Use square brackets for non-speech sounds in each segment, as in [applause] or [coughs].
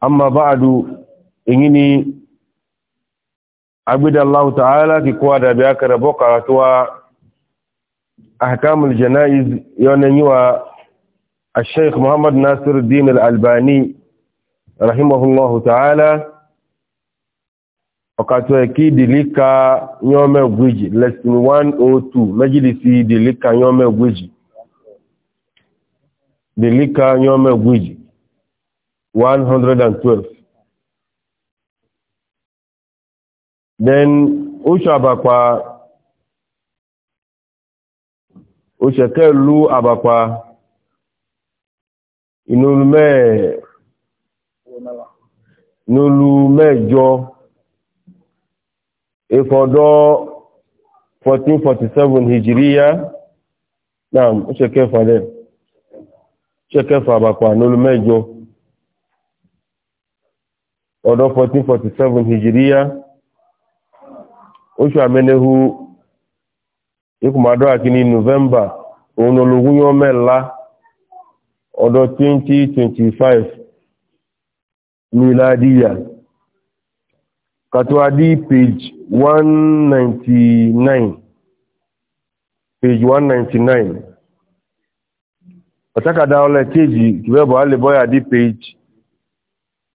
amma ba'adu ingini abida Allah ta'ala ki kuwa da biya kare boka watuwa ahkamul jana'iz yonan yiwa al-sheikh Muhammad Nasir Din al-Albani rahimahullahu ta'ala wakati wa kidilika nyome gwiji lesson 102 majlisi dilika nyome gwiji dilika nyome gwiji 112. Then Usha Abakwa, Usha Kelu Abakwa, Inulume, Inulume Ifodo 1447 Hijriya, Naam, Kefa Kefa Abakwa, ọdún 1447 hijiriya oṣù àmẹ́nẹ́hu ikùnmọ́dọ́ àkíní november òun ológun yọ mẹ́la ọdún 2025 miladiya katuwadi page 199 page 199 ọ̀tàkàdá ọlẹ́ kéjì kìbẹ́bọ̀ alẹ́bọ́yà dí page 199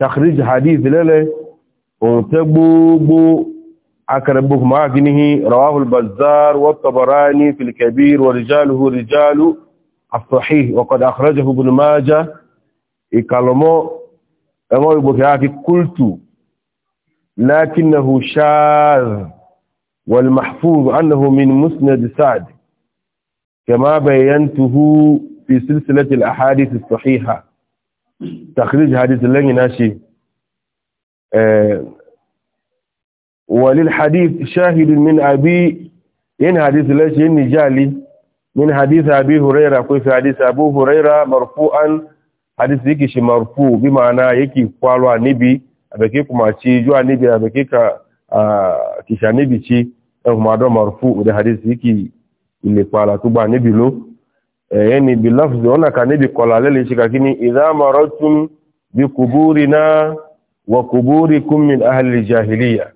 تخريج حديث لله بو أكرم بكم أغنه رواه البزار والطبراني في الكبير ورجاله رجال الصحيح وقد أخرجه ابن ماجة إكالمو أما يبكي أكي قلت لكنه شاذ والمحفوظ أنه من مسند سعد كما بينته في سلسلة الأحاديث الصحيحة takhrij hadith lẹ́yìn náà ṣe walil hadith shahidun min abi yin hadith lẹ́ṣe yin nijali min hadith abi huraira kò fi hadith abu huraira marfu'an hadith yake shi marfu bi ma'ana yake kwalwa nibi abake kuma ci zuwa nibi abake ka kisha nibi ci ɗan kuma don marfu da hadith yake ile kwala tuba nibi lo Eh, yani bi lafzi ona kanibi kolalele shikakini idha maratum bi kuburina wa kuburikum min ahli jahiliya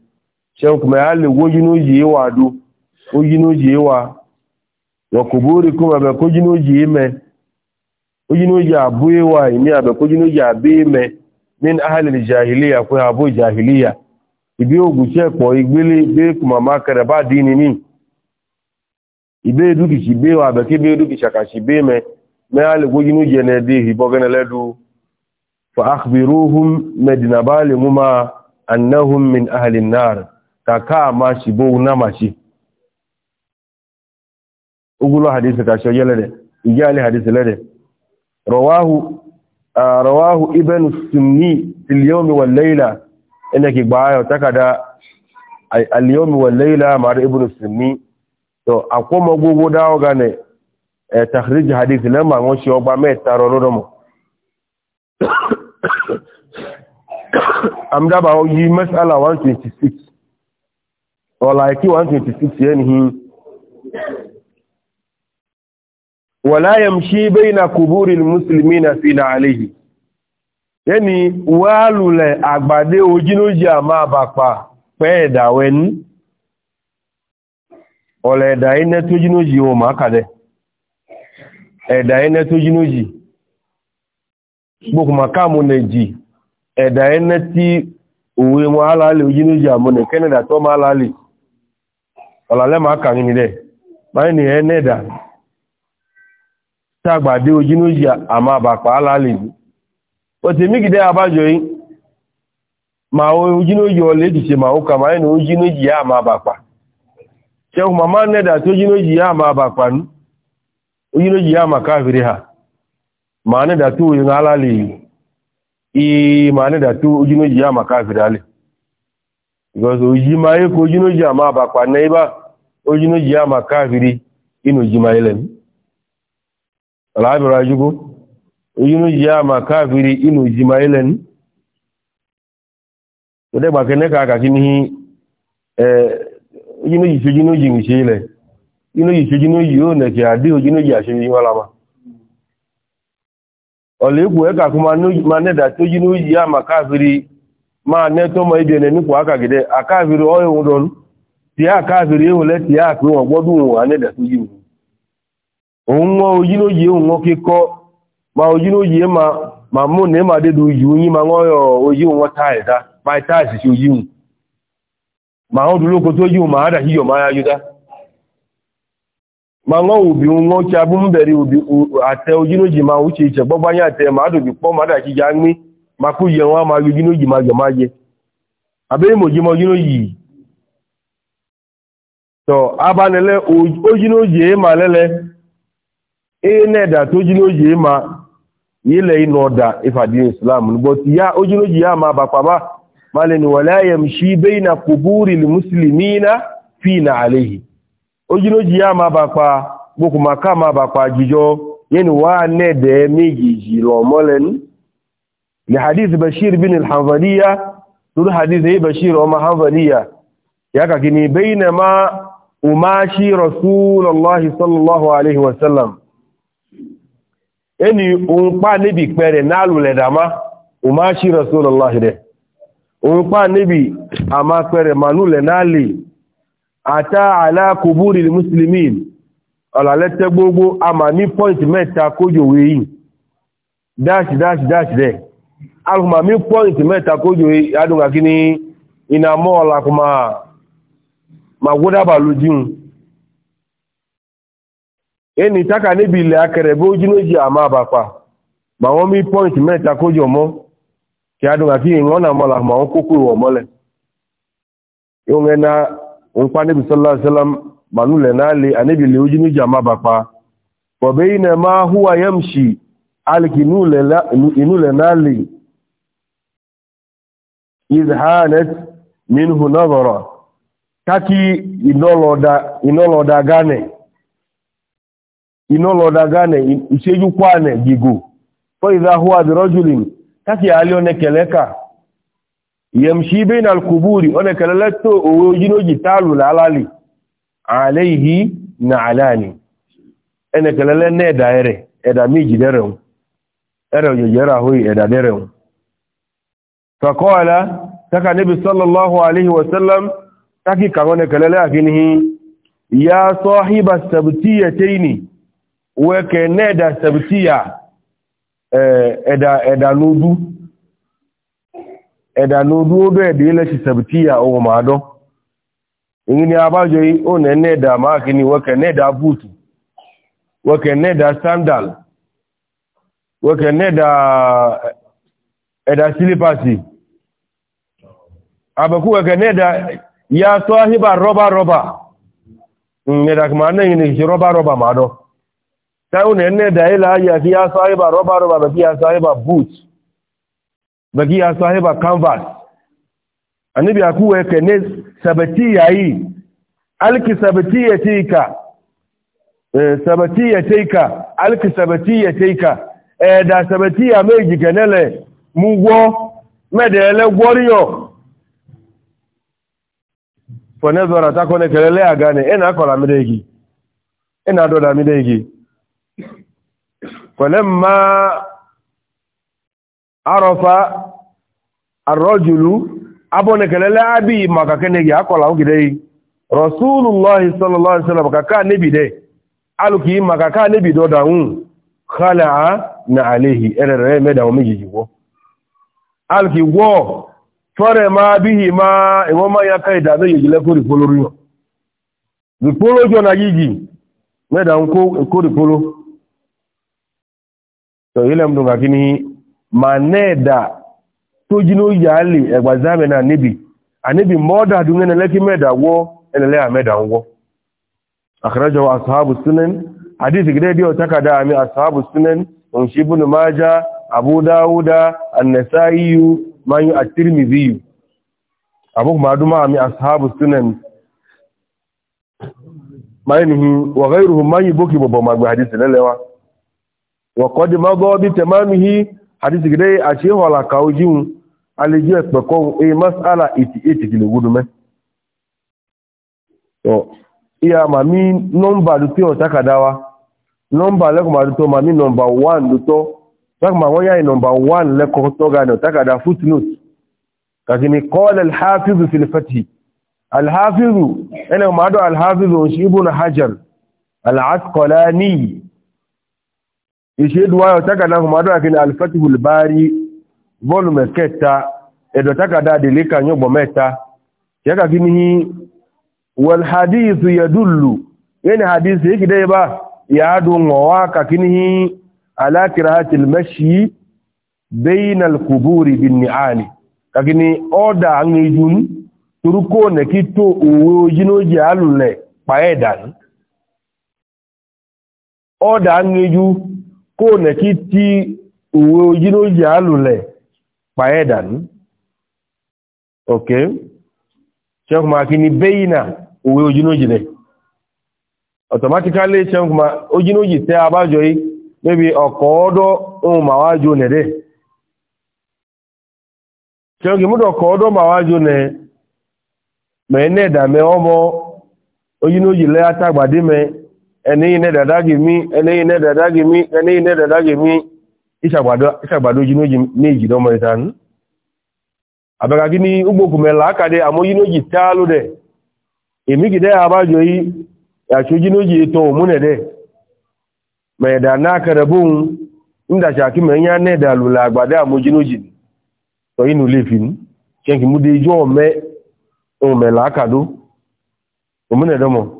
shan kuma hali wojinu yiwa du wojinu yiwa wa kuburikum abe kojinu yime ojinu ya buwa imi abe kojinu ya bime min ahli jahiliya ko abu jahiliya ibi ogun se po igbele be kuma makare ba dini ni ibe duki ci be wa be ke be duki chaka ci be me me ale go yinu jene de hi bo gene ledu fa akhbiruhum madina bali muma annahum min ahli an-nar taka ma ci bo na ma ci ugulo hadisi ka shoye lede ije ale hadisi lede ibn sunni so akwomo gbogbo dawo gane eh takhrij hadith na ma won se oba meta ro rodo mo [coughs] amda ba o yi masala 126 or like 126 yen hi wala yamshi baina kuburi almuslimina fina alayhi yani walule agbade ojinoji ama bapa pe daweni ọ̀la ẹ̀dà iná tó jí ló yí o máa kàdẹ̀ ẹ̀dà iná tó jí ló yí gbogbo màkà mú nà ẹ̀dà iná tí òwe wọn alálẹ̀ ojú ló yí àmúnẹ̀ kẹ́nẹ̀dà tó máa Ma ọ̀làlẹ́ máa kà ní nílẹ̀ báyìí Otu chekwụ ma ma nne data ojinoji ya ma abakpanu ojinoji ya ma kaviri ha ma ne data oyi n'alali ii ma ne data ojinoji ya ma kaviri ali because oji ma eko ojinoji ya ma abakpa na ịba ojinoji ama ma kaviri inoji ma ilem alabira ajugo ojinoji ya ma kaviri inoji ma ilem odegba kene ka aka kinihi eh jinoji ṣe jinoji ń ṣe yi jinoji ṣe jinoji yóò nẹ̀kẹ̀ àdíhò jinoji yi wọ́n lámà ọ̀lẹ́kù ẹ̀kà kún ma nẹ́dà tó jinoji yá mà káàfiri máa nẹ́tọ́ mọ́ ibi ẹ̀nẹ̀ nípò ákàgẹ́dẹ́ àkáàfiri ọ̀hún tí àkáàfiri ehùn lẹ́ tí àpé wọn gbọ́dún ma ojinoji ma mú ní ma ma wọ́n yọ ojú wọn ma ọ dụrụ okoto yi ma ada hiyo ma ya yuda ma ṅọ ubi ṅọ abụ mbere ubi ate ojinoji ma uche iche gbọgbanye ate ma adụbi kpọ ma adachi ji aṅụ maka uye nwa ma gị ojinoji ma gị ma gị abịa ojinoji ma lele ihe na ata ile ịnụ ọda islam ya ya ma malin wala yamshi baina quburi almuslimina fina alayhi ojiloji ya ma ba pa boku ma ka ma ba pa jijo yeni wa ne de meji jilo molen li hadith bashir bin al-hanzaliya dur hadith bashir wa hanzaliya yaka kini baina ma umashi rasulullahi sallallahu alayhi wa sallam eni un pa nibi pere nalu le dama umashi rasulullahi de òun pa níbi àmà pẹ̀rẹ̀ mànú lẹ̀ náà lè àtà aláàkóbúrì mùsùlùmí ọ̀làlẹ́tẹ́ gbogbo a mà ní pọ́ìntì mẹ́ta kójòwé yìí dáṣì dáṣì dáṣì rẹ̀ alùpùpà mi pọ́ìntì mẹ́ta kójòwé adùnkà kí ni iná mọ́ ọ̀làkùnmá mà gbódàbà lójúun ẹni táka níbi ilẹ̀ akẹrẹ̀ bó jínójì àmà àbàpà mà wọ́n mi pọ́ìntì mẹ́ta kójò kiadu ngafi ngona mala ma kuku wo mole yongena unpa nabi sallallahu alaihi wasallam manule nali anabi liujini jama bapa wa baina ma huwa yamshi alkinule la inule nali izhanat minhu nadhara kati inoloda inoloda gane inoloda gane isejukwane gigu fa idha huwa birajulin taki ali onekeleka yamshi baina alquburi onekeleto ojinoji talu lalali alayhi na alani enekelele ne daire eda miji dere ero yera hoyi eda dere faqala taka nabi sallallahu alayhi wa sallam taki kangone kelele akinihi ya sahiba sabtiyataini weke neda sabtiyah ẹ̀dà ẹ̀dà lódú ẹ̀dà lódú ó bẹ̀ẹ̀ dé lẹ́ṣì sẹ̀bìtíyà ohun màádọ́ èyí ni abájọ yìí ó nẹ̀ nẹ́ẹ̀dà máàkì ni wọ́kẹ̀ nẹ́ẹ̀dà búùtù wọ́kẹ̀ nẹ́ẹ̀dà sandal wọ́kẹ̀ nẹ́ẹ̀dà ẹ̀dà sílípàsì àbẹ̀kú wọ́kẹ̀ nẹ́ẹ̀dà ya sọ ahíbà rọ́bà rọ́bà ẹ̀dà kìí máa náà yìí ni rọ́bà rọ́bà màádọ́ ta unaenne da ila ya fi ya sahiba roba roba ba fi ya sahiba boot ba fi ya sahiba canvas annabi akuwa ka ne sabati yayi alki sabati ya tika sabati ya tika alki sabati ya tika eh da sabati ya meji ganele mu gwo medele gworiyo fone zora ta kone kelele agane ena kola ena doda midegi فلما عرف الرجل abone kelele abi maka kene gi akola ogide rasulullah sallallahu alaihi wasallam kaka nebi de aluki maka ka da do daun khala na alayhi erere meda o meji wo aluki wo fore ma bihi ma e ma ya ka da meji le ko polo jo na yigi meda nko polo to ile mdu ngakini maneda tojino yali egbazame na nibi anibi moda dungene leki meda wo enele ameda wo akhrajahu ashabu sunan hadithi gide dio takada ami ashabu sunan unshi ibn maja abu dauda an-nasa'i man at maduma ami ashabu sunan mayni wa ghayruhum man boki bobo magba hadithi lelewa wakɔdi mabɔ bi tɛmamihi hadisi gidɛ ati hɔla kaw jiwu aliju ɛkpɛkɔn eye masala eti etikele wudu mɛ tɔ iya mami nɔmba do tí o taka da wa nɔmba lɛkuma do tɔ mami nɔmba wan do tɔ sakuma wɔn ni o taka da footnote kakini kɔɔl alhafizu filifati alhafizu ɛnɛ o ibuna hajar alaskɔlani ìṣèdúwáyọ̀ tákàdá kùmádọ́ àkíní alifatihul bari volume kẹta ẹ̀dọ̀ tákàdá àdèlé kanyọ́gbọ̀ mẹ́ta ṣẹ́kà kí ní wal hadithu yadullu yẹni hadith yìí kìdẹ́ bá yàádù ngọ̀wá kàkí ní ala mashi bayna al kuburi bin ni'ani kàkí ní ọ́dà angejun turukó nẹ̀kí tó owó yínójì alùlẹ̀ pàẹ́dà ọ́dà angeju ko na kiti uwe ojino ji alule paedan okay sheikh ma kini beina uwe ojino ji ne automatically sheikh ma ojino ji te abajo yi maybe oko odo o ma wajo ne de da me omo ojino ji le me ẹni iná dàdá gì mí ẹni iná dàdá gì mí ẹni iná dàdá gì mí ìṣàgbàdo yínójì ní ìjìdá ọmọ ìta hmm? ní àbẹ̀kàkí ní ugbòkùnmẹ̀lá àkàdé àmọ́ yínójì táà ló dẹ̀ èmi gìdẹ́ àbájọ yìí àṣò yínójì ètò òmúnẹ̀dẹ̀ mẹ̀ẹ̀dà náà kẹrẹ bóhun ńdàṣà kí mẹ̀yà àgbàdẹ́ sọ lè fi ní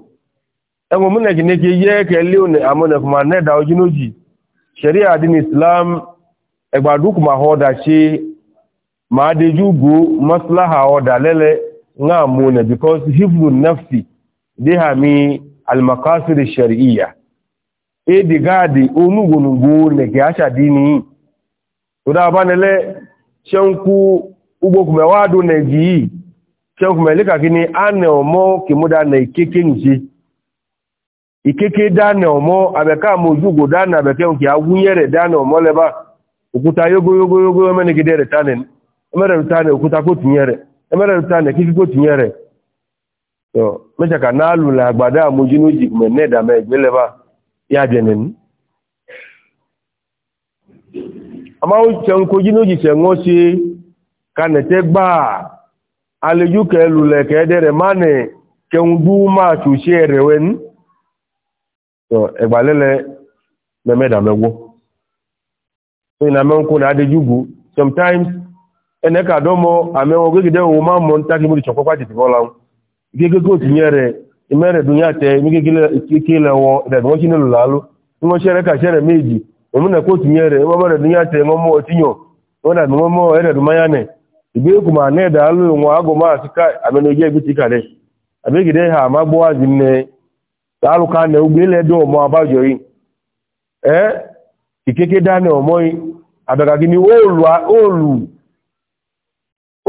ẹmọ múnẹ̀ kì ní kí yẹ́ kẹlẹ́ òní àmúnẹ̀kùnmà nẹ́ẹ̀dà ojúlójì ṣẹ̀rí àdín islam ẹgbàdúkùnmà ọ̀dà ṣe máa dejú gbó mọ́síláhà ọ̀dà lẹ́lẹ́ ńlá because hiflu nafsi déhàmí alimakasiri ṣẹ̀ríyà èdè gáàdì onúgbònúgbò nẹ̀kẹ́ àṣàdí ni tó dábánilẹ́ ṣẹ́ńkú ugbókùnmẹ̀wádùn nẹ̀jì yìí ṣẹ́ńkùnmẹ̀ líkàkí ni a nẹ̀ ọmọ kìmúdà nẹ̀ kékèǹṣe ikeke dane ọmọ abeka mo jugo dane abeke nke awunyere dane ọmọ leba òkúta yogo yogo yogo emenigide tane emere tane òkúta ko tinyere emere tane kifi ko tinyere yo meja ka na alu la leba ya dene ni ama o che nko jinu ji che dere mane ke ngbu ma ẹgbàlẹ́lẹ̀ mẹ́mẹ́dàmẹ́wọ́ so ina mẹ́nkú na adéjúgù sometimes ẹnẹ́kà dọ́mọ àmẹ́wọ́ gẹ́gẹ́dẹ́ òun máa mọ́ ntákì mú ìṣọ̀kọ́ pàtì ti fọ́lá gẹ́gẹ́gẹ́ òtù yẹn rẹ̀ ìmẹ́rẹ̀ dùn yàtẹ̀ ìmígẹ́gẹ́lẹ́wọ́ ìdàgbọ́n sí nílò lálú tí wọ́n ṣẹ́rẹ́ kà ṣẹ́rẹ́ méjì òun nẹ̀kọ́ òtù yẹn rẹ̀ ìmọ́mọ́rẹ̀ dùn yàtẹ̀ wọ́n mọ́ ọtí yàn wọ́n dàbí wọ́n mọ́ ẹ̀rẹ̀dùn máyánẹ̀ ìgbéyìkù máa nẹ́ẹ̀dà lóyún wọn àgọ́ máa sí tààrùkà nà ogbè lẹ́dọ̀ ọmọ àbájọ yìí ẹ́ ìkéké dáná ọmọ yìí gị ni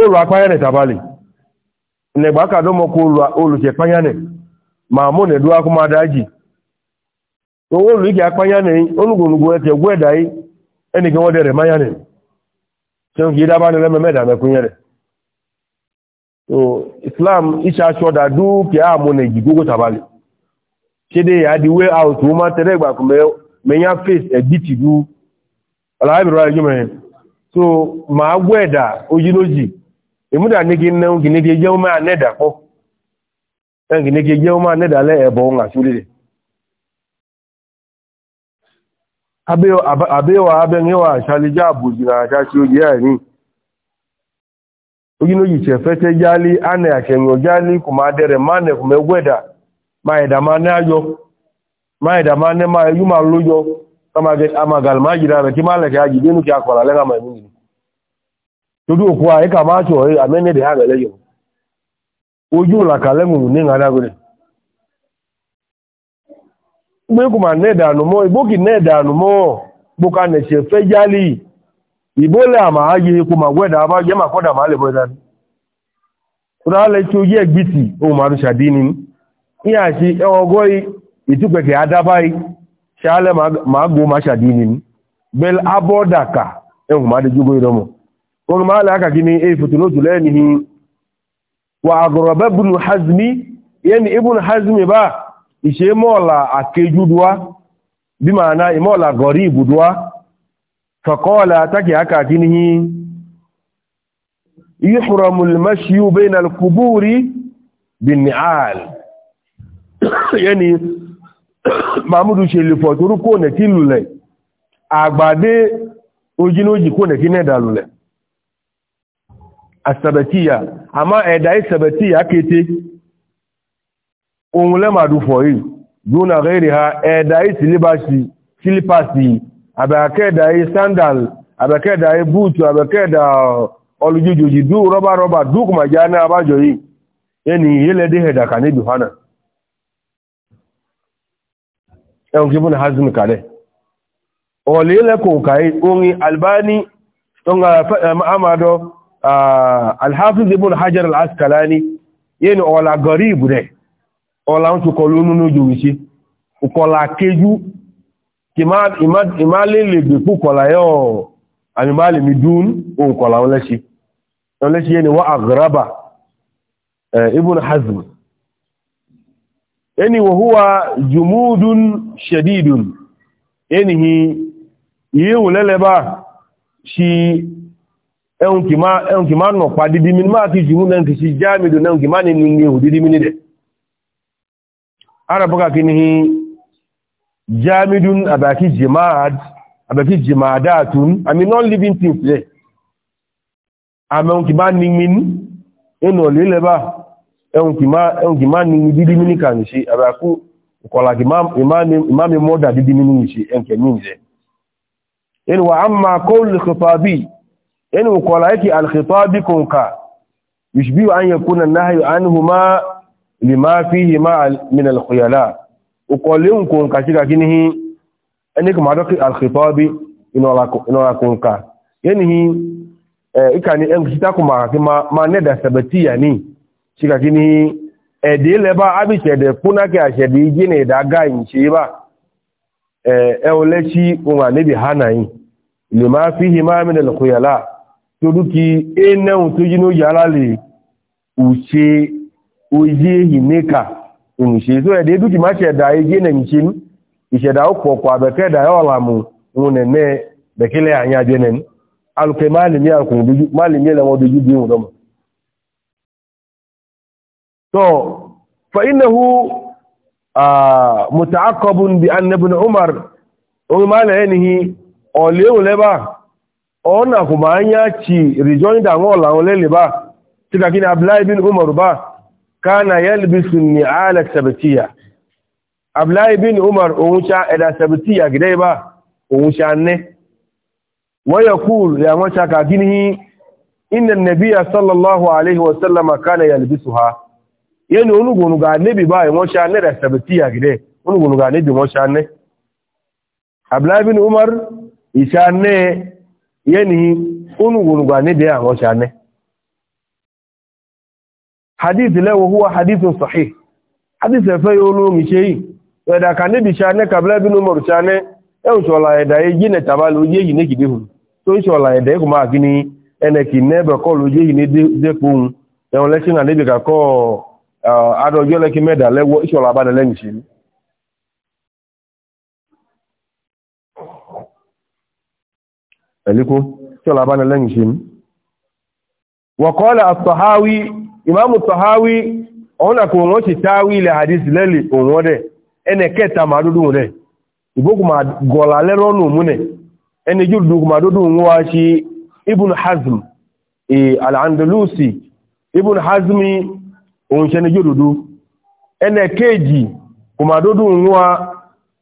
óòlù apáyánẹ̀ tàbálì nẹ̀gbákàdọ́mọkọ olùṣẹ̀ páyánẹ̀ ma mọ́ nẹ̀dọ́ akọ́mọ adájì óòlù ìkẹ́ apáyánẹ̀ olùgbòlùgbò ẹ̀tẹ̀ gbẹ́ẹ̀dá yìí ẹnìkan wọ́n dẹ̀rẹ̀ máyánẹ̀ ṣe ń fi dábá ní lẹ́mẹ̀mẹ́dà mẹ́kúnyẹ́ rẹ̀ Islam ìṣàṣọ́dà dúkìá àmúnẹ̀ kede ya di way out wo ma tere gba ko me me yan face e ala mi ra ju me so ma gweda ojiloji emu da ni kin nan kin ni je o ma neda po en kin ni je o ma neda le ebo nga suri de abewa abewa abenyewa shalija abujira ja ti oje ya ni ojiloji se fe te ane asenyo jali kuma dere mane kuma ma idama ne ayo ma ma yu ma loyo kama ge ama gal ma jira be ki ma le ka ji dinu ki akola le ma mi ni to ma cho ai amene de ha le yo oju la ka le mu ni ngada gore gbe ku ma ne danu mo igbo ki ne danu le ama aye ku ma ó yẹ́ gbìtì ohun màá ń ṣàdí ní àṣì ẹwọ̀n ìtúpẹ̀kẹ̀ adábáyí ṣáálẹ̀ màágbó máa bel abọ́dàkà ẹ̀hùn máa dẹjúgbó ìdọ́mọ̀ orin máa láàkà kí ni èfòtò lótù lẹ́ni wà àgọ̀rọ̀bẹ́ ibùn hazmi hazmi [coughs] yẹn ni [coughs] mahmudu ṣe lè fọ̀ torú kò nẹ̀kí lulẹ̀ àgbàdé ojúlójì kò nẹ̀kí nẹ̀dà lulẹ̀ àsàbẹ̀tíyà àmá ẹ̀dà ìsàbẹ̀tíyà kété ohun lẹ́màdù fọ̀ yìí dúnà rẹ̀rẹ̀ ha ẹ̀dà ìsìlípàsì àbẹ̀kẹ́dà sandal àbẹ̀kẹ́dà búùtù àbẹ̀kẹ́dà olùjújòjì dú rọ́bà rọ́bà dúkùmàjá ní abájọ yìí yẹn ni ilẹ̀ dé ẹ̀dà kà níbi hánà ẹ̀hùn kí bùn hazm kalẹ̀ ọ̀lẹ́ lẹ́kọ̀ọ́ kàí orin albani tó ń amadọ́ alhafiz ibn hajar al-askalani yẹ́ ni ọ̀la gọ̀rí ìbùdẹ̀ ọ̀la ń tukọ̀ lónú jòwìsí ọkọ̀la kéjú ìmálẹ́lẹ̀gbẹ̀ púpọ̀la yọ́ àmìmálẹ̀mí dún òǹkọ̀la ọlẹ́ṣi ni wọ́n àgbàrábà eh, ibn hazm ẹni wa huwa jùmúdùn ṣẹ̀dìdùn ẹni hì yíò lẹ́lẹ́bà ṣi ẹun kì máa nọ̀ pa dídí mi máa ti jùmú náà kì sí jáàmìdù náà kì máa nínú ihò dídí mi nílẹ̀ arábọ́ka kí ni jáàmìdùn àbàkí jìmáàdàtún àmì non-living things lẹ́ àmẹ́un kì máa ní mi nínú ọ̀lẹ́lẹ́bà enkima ni didi mini ka nshi abaku kola imami moda didi mini nshi enke minje in wa amma qawl khitabi in kola yake al khitabi kunka yushbi an yakuna an-nahy anhuma lima fihi ma min al khuyala uqolin kunka shiga kinihi eni kuma doki al khitabi inola inola kunka yenihi ikani enkita kuma ma ne da sabatiya ni shikakini edile ba abichede punake ashedi jine daga inchi e, e ba eolechi unwa nibi hanayi lima fihi ma min alkhuyala tuduki enun tujinu yalali uche oye hineka unche so ede duki ma cheda ejine nchin ìṣẹ̀dá ọ̀pọ̀ ọ̀pọ̀ àbẹ̀kẹ́dà ọ̀làmù òun nẹ̀ẹ́ bẹ̀kílẹ̀ àyájẹ́ nẹni alùpẹ̀ máàlì ní àkùnrin máàlì ní ẹlẹ́wọ̀n dojú bí òun lọ́mọ̀ to fa innahu muta'aqqabun bi anna ibn umar umar lenihi olewu leba ona kuma anya chi rejoin da ngola olele ba tika kina abdullah ibn umar ba kana yalbisu ni'ala sabtiya abdullah ibn umar oncha eda sabtiya gidai ba oncha ne wa yaqul ya ngocha ka ginihi inna an sallallahu alaihi wa sallama kana yalbisuha yani onugunu ga annabi ba yin wasu annabi da sabiti a gide onugunu ga annabi wasu annabi abdullahi umar isa annabi yani onugunu ga annabi ya wasu annabi hadith la wa huwa hadithun sahih hadith fa yolo mi sey wa da kan nabi sha ne kabla bin umar sha e o shola ne kide hu to shola e da kuma kini ene ki ne be ko lo e o lesson na adọ́jọ́ lẹ́kí mẹ́dà lẹ́wọ́ ìṣọ̀lá abáni lẹ́yìn ṣe ní ẹ̀líkó ìṣọ̀lá imam lẹ́yìn ṣe ní wọ̀kọ́lẹ̀ àtọ̀háwí ìmáàmù tọ̀háwí ọ̀hún àkò wọ́n ṣe táwí ilẹ̀ hadith lẹ́lẹ̀ òun ọdẹ ẹnẹ hazmi òun ṣe ní jòdòdó ẹlẹ́kẹ́ẹ̀jì kò máa dódó nwa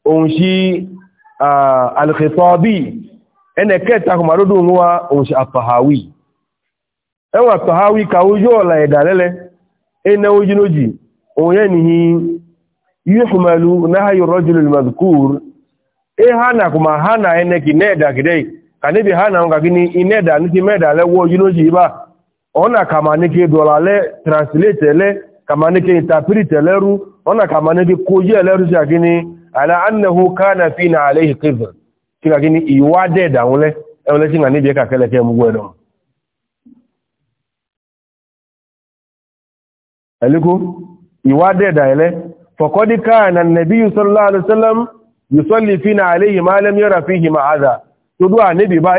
òun ṣe alìkẹtọ́bí ẹlẹ́kẹ́ẹ̀ta kò máa dódó ńwá òun ṣe àtọ̀háwì ẹwọ̀n àtọ̀háwì kàwó yóò ọ̀là ẹ̀dà lẹ́lẹ́ n'ihi ojúlójì òun yẹ́ na ha e hana kò máa hana ẹnẹ́kì náà ẹ̀dà kìdẹ́ ka na ona kamanike dọlalẹ translate ẹlẹ kamanike interpret kamaniki ọna kamanike ala annahu kana fi na alẹ́ ìkẹfẹ́ kí àkíní ìwá dẹ̀dà ńlẹ ẹwọlẹ́ sí ìgbà níbi ẹ̀ka kẹlẹ̀kẹ́ mú gbẹ̀dọ̀ ẹ̀lẹ́kọ́ sallallahu wasallam yusalli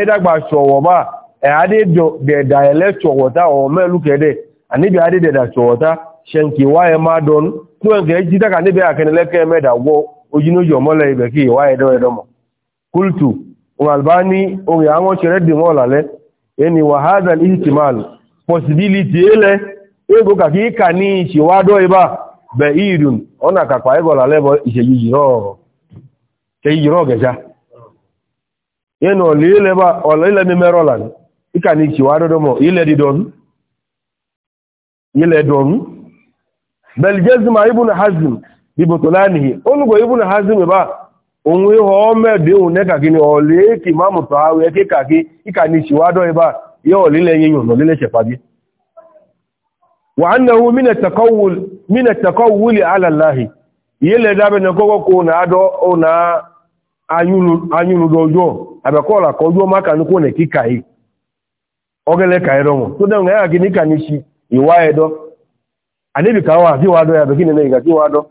na ade da dayale cowota o me lukede anibi ade da cowota shenki waye ma don tuwen ke jita ka nibi akenele ke me da wo ojinu jo mole ibe ki kultu o albani chere di eni wa hadha possibility ele ego ka ki ka ni ona ka pa ego lale bo ise geja yenu olile ba olile mi merola ni ika ni ki waro domo ile di don ile don bal jazm ibn hazm bi butlanihi ongo ibn hazm ba onwe ho me de un ne ka kini ole ki mamu to awe ke ka ki ika ni ki wado e ba yo lile yin no lile se pagi wa annahu min at-taqawul min at-taqawul ala allah ile da be ne ko ko na do ona anyulu anyulu dojo abe ko la ko jo maka ni ko ne kika yi ogele ka ero mo to dem ga gini kanishi ka wa ziwa do ya be kini ne ga ziwa do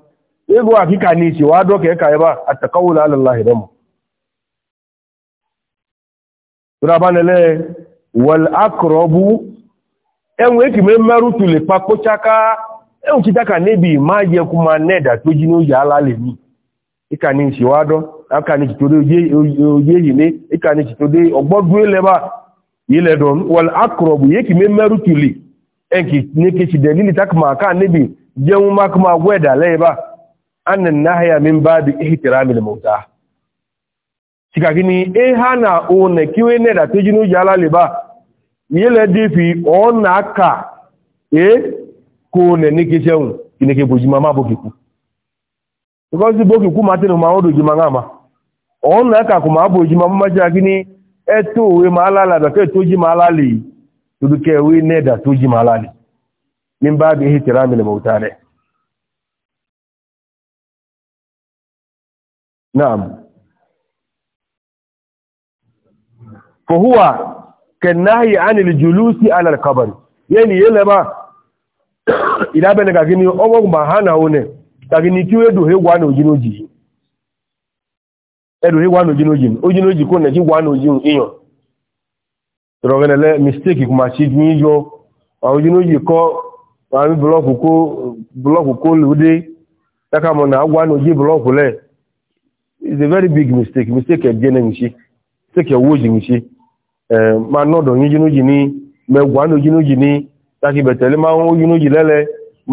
ego wa ke ka ba atakawula ala allah demo turabanele wal akrobu enwe ki me marutu le papochaka enwe kitaka nebi maje kuma neda toji no ya alale mi. ikani shi wa do akani kitode oje oje yi ni ile don wal akrobu yeki me merutuli enki neki ka nibi jemu makma weda leba annan nahya min babi ihtirami al mauta sika gini e hana one kiwe ne da tejinu jala leba ile difi ona ka e ko ne neki jeun kineke bojima ma bokiku because bokiku matinu ma odo jima ngama ma jagini ẹ̀tọ́ òwe máa lálẹ́ àbẹ̀kẹ́ tó jí máa lálẹ́ dúdúkẹ́ ìwé nẹ́ẹ̀dà tó jí máa lálẹ́ ní bá bí i tẹ̀rá mi lè mọ̀ta rẹ̀ náà fòhúwà kẹ̀náyì ánìlì jùlú sí alàkàbàrì yẹ́nì yẹ́ lẹ́bà ìdábẹ̀nẹ̀kàkí na ọwọ́ ẹ̀rù rí wánú jínújìn ojínújì kó nẹ̀ sí wánú jíun èèyàn ìrọ̀gẹ́nẹ̀lẹ́ mistake kò máa ṣe ní yọ àwọn ojínújì kọ́ àwọn búlọ́ọ̀kù kó lóde tákàmọ̀ wánú jí búlọ́ọ̀kù lẹ̀ it's a very big mistake mistake ẹ̀jẹ̀ náà nìṣe mistake ẹ̀wọ́ jì nìṣe ẹ̀ máa nọ́dọ̀ ní jínújì ní mẹ́wàá ní ojínújì ní tákì bẹ̀tẹ̀lẹ́ máa ń ojínújì lẹ́lẹ́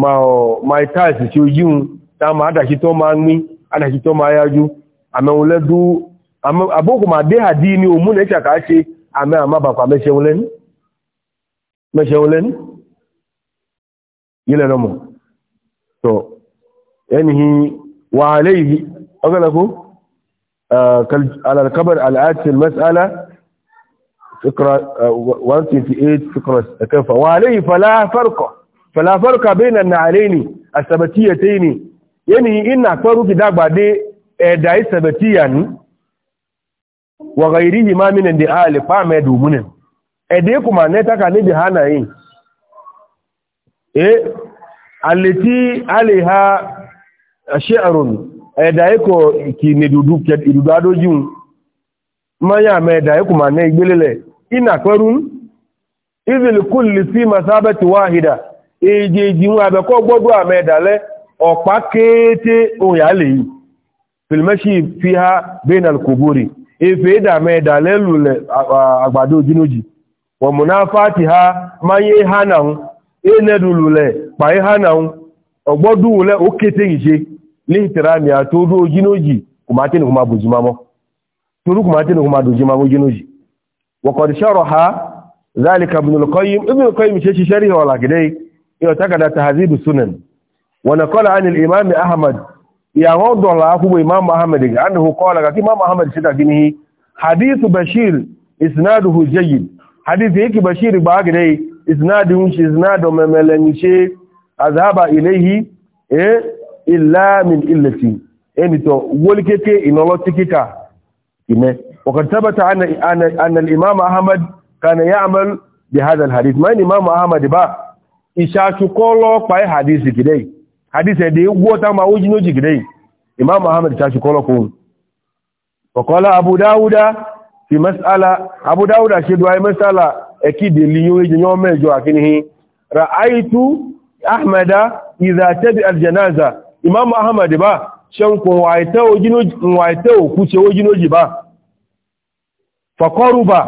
máa ọ̀ máa táìsì tí ojíun táwọn máa dàṣítọ́ máa ń amewuledu ame abokuma de ha di ni omu na echa ka achi ame amabakwa mechewulen mechewulen yile no mo so yanhi wa alayhi agalaku على الكبر الآتي المسألة فكرة 128 فكرة كيف وعليه فلا فرق فلا فرق بين النعلين الثبتيتين يعني إن أكثر في ẹ̀dà ìsẹ̀bẹ̀tíyà ní wàgà ìríhì máa mínà dì ààlè fáàmẹ́ dòmúnà ẹ̀dẹ́ kùmà nẹ́tàkà níbi hánà yìí e alẹ́tí alẹ́ ha ṣe'arun ẹ̀dà ikọ̀ kì ní ìdùdú adójúun manya mẹ́ ẹ̀dà ikùmà nẹ́ ìgbélélẹ̀ ina kọrún ìzìlì kúlì sí masábẹ̀tì wáhìdà èjèèjì wọn àbẹ̀kọ́ gbọ́dọ̀ àmẹ́ẹ̀dàlẹ́ ọ̀pá kéèté òyàlè yìí filimeshi fi ha bainal kuburi efe da me da lelule agbado jinuji wa munafati ha maye ha na enedulule paye ha na ogbodule okete ise lihitirami atodo jinuji kuma tini kuma bujimamo turu kuma tini kuma dojimamo jinuji wa qad sharaha zalika ibn al-qayyim ibn al-qayyim shi sharhi wala gidai takada tahzibu sunan wa naqala an al-imam ahmad ìyàwó dọ̀la fúgbò imam muhammad annahu qala kàkí imam muhammad ṣe tàbí ní hadithu bashir isnaduhu jayyid hadithu yake bashir ba haka dai isnadun shi isnadun mamalan ce azhaba ilayhi eh illa min illati eni to wolkeke inolo tikika ime وقد ثبت ان ان الامام احمد كان يعمل بهذا الحديث ما الامام احمد با اشاكو لو باي حديث كده hadith ẹ̀ dé wọ́ta ma ó jí lójì gidai imam muhammad ta ṣe kọ́lọ́kọ́ ọ̀kọ́lá abu dawuda fi masala abu dawuda ṣe duwa masala ẹkìdè liyo ejiyàn mẹ́jọ àkínihin ra'aitu aljanaza imam muhammad ba ṣan kò wàíta òkú ṣe ó jí lójì ba fakọrùba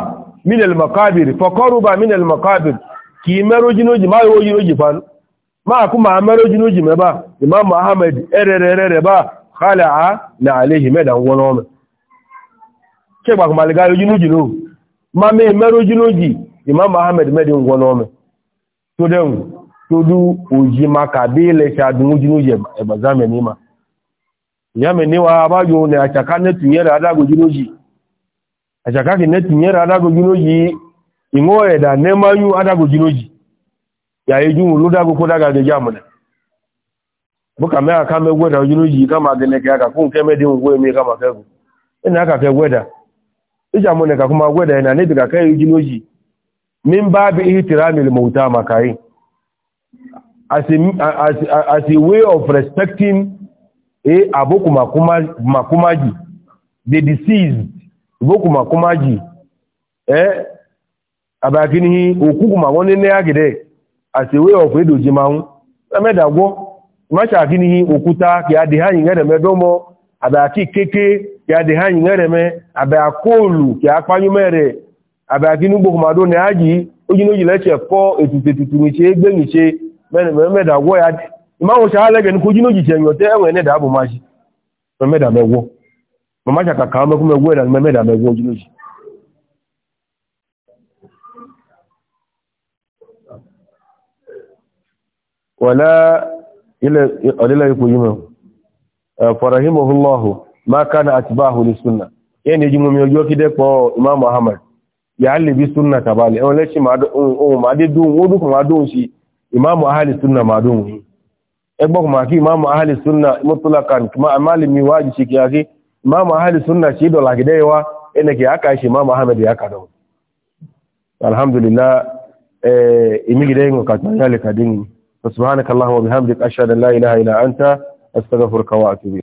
min al-makabir fakọrùba min al-makabir kì í mẹ́rọ jí lójì máa yóò معكم عمرو جنوج مبا امام احمد ارررربا خلع عليه مدان ونوم كيف معكم على جنوج نو ما مي مرو جنوج imam ahmed mẹ́rin ń gbọ́nà ọmọ tó dẹ̀hùn tó dú òjì maka bí ilẹ̀ ṣe adúnmójúlójì ẹ̀bàzámẹ̀ níma ìyàmẹ̀ níwa abájò ní àṣàká nẹ́tù yẹ́rẹ̀ adágójúlójì àṣàká kì nẹ́tù yẹ́rẹ̀ ya yi jun lu dagu ko daga de jamana buka me aka me gweda ojunu ji kama de ne ka ka kun keme de ngwe mi kama ka ku ina aka ke gweda ija mo ne ka kuma gweda ina ne biga kai ojunu ji min babi ihtiramil mauta makai as a as as a way of respecting eh aboku makuma makumaji the deceased boku makumaji eh abakini okuku ma woni ne agide as a way of edozi manwụ emedagwọ macha gịnịghị okwuta ka adịghị anyị ngereme domo abịaki keke ka adịghị anyị ngereme abịakolu ka akpanyụ mere abịaki n'ugbo kwamado na aji oji na ojileche kọ etute tutumiche egbe nyiche medagwọ ya ịmanwụcha alege nkwu ji na ojiche nyote enwere neda abụ maji memedamegwọ mamacha ka ka wala ilẹ̀ ipò yìí mọ̀ eh, farahimahullahu ma kana atba'ahu li sunna yẹn ni ojú mọ́mí ọjọ́ kí dẹ́pọ̀ imam muhammad yà á lè bí sunna tàbálẹ̀ ẹ̀wọ̀n lẹ́sìn ohun máa dé dóhun ó dúkùn máa dóhun sí imam ahali sunna máa dóhun yìí ẹgbọ́n kò máa kí imam ahali sunna mutlakan máa lè mi wájú sí kíákí imam ahali sunna ṣe dọ̀là gidẹ́ wa ẹnì kì aka ṣe imam ahmed yà kà dọ̀ alhamdulillah ẹ̀ẹ́mí gidẹ́ yìí kò kàtà yà lè kàdé yìí فسبحانك اللهم وبحمدك أشهد أن لا إله إلا أنت أستغفرك وأتوب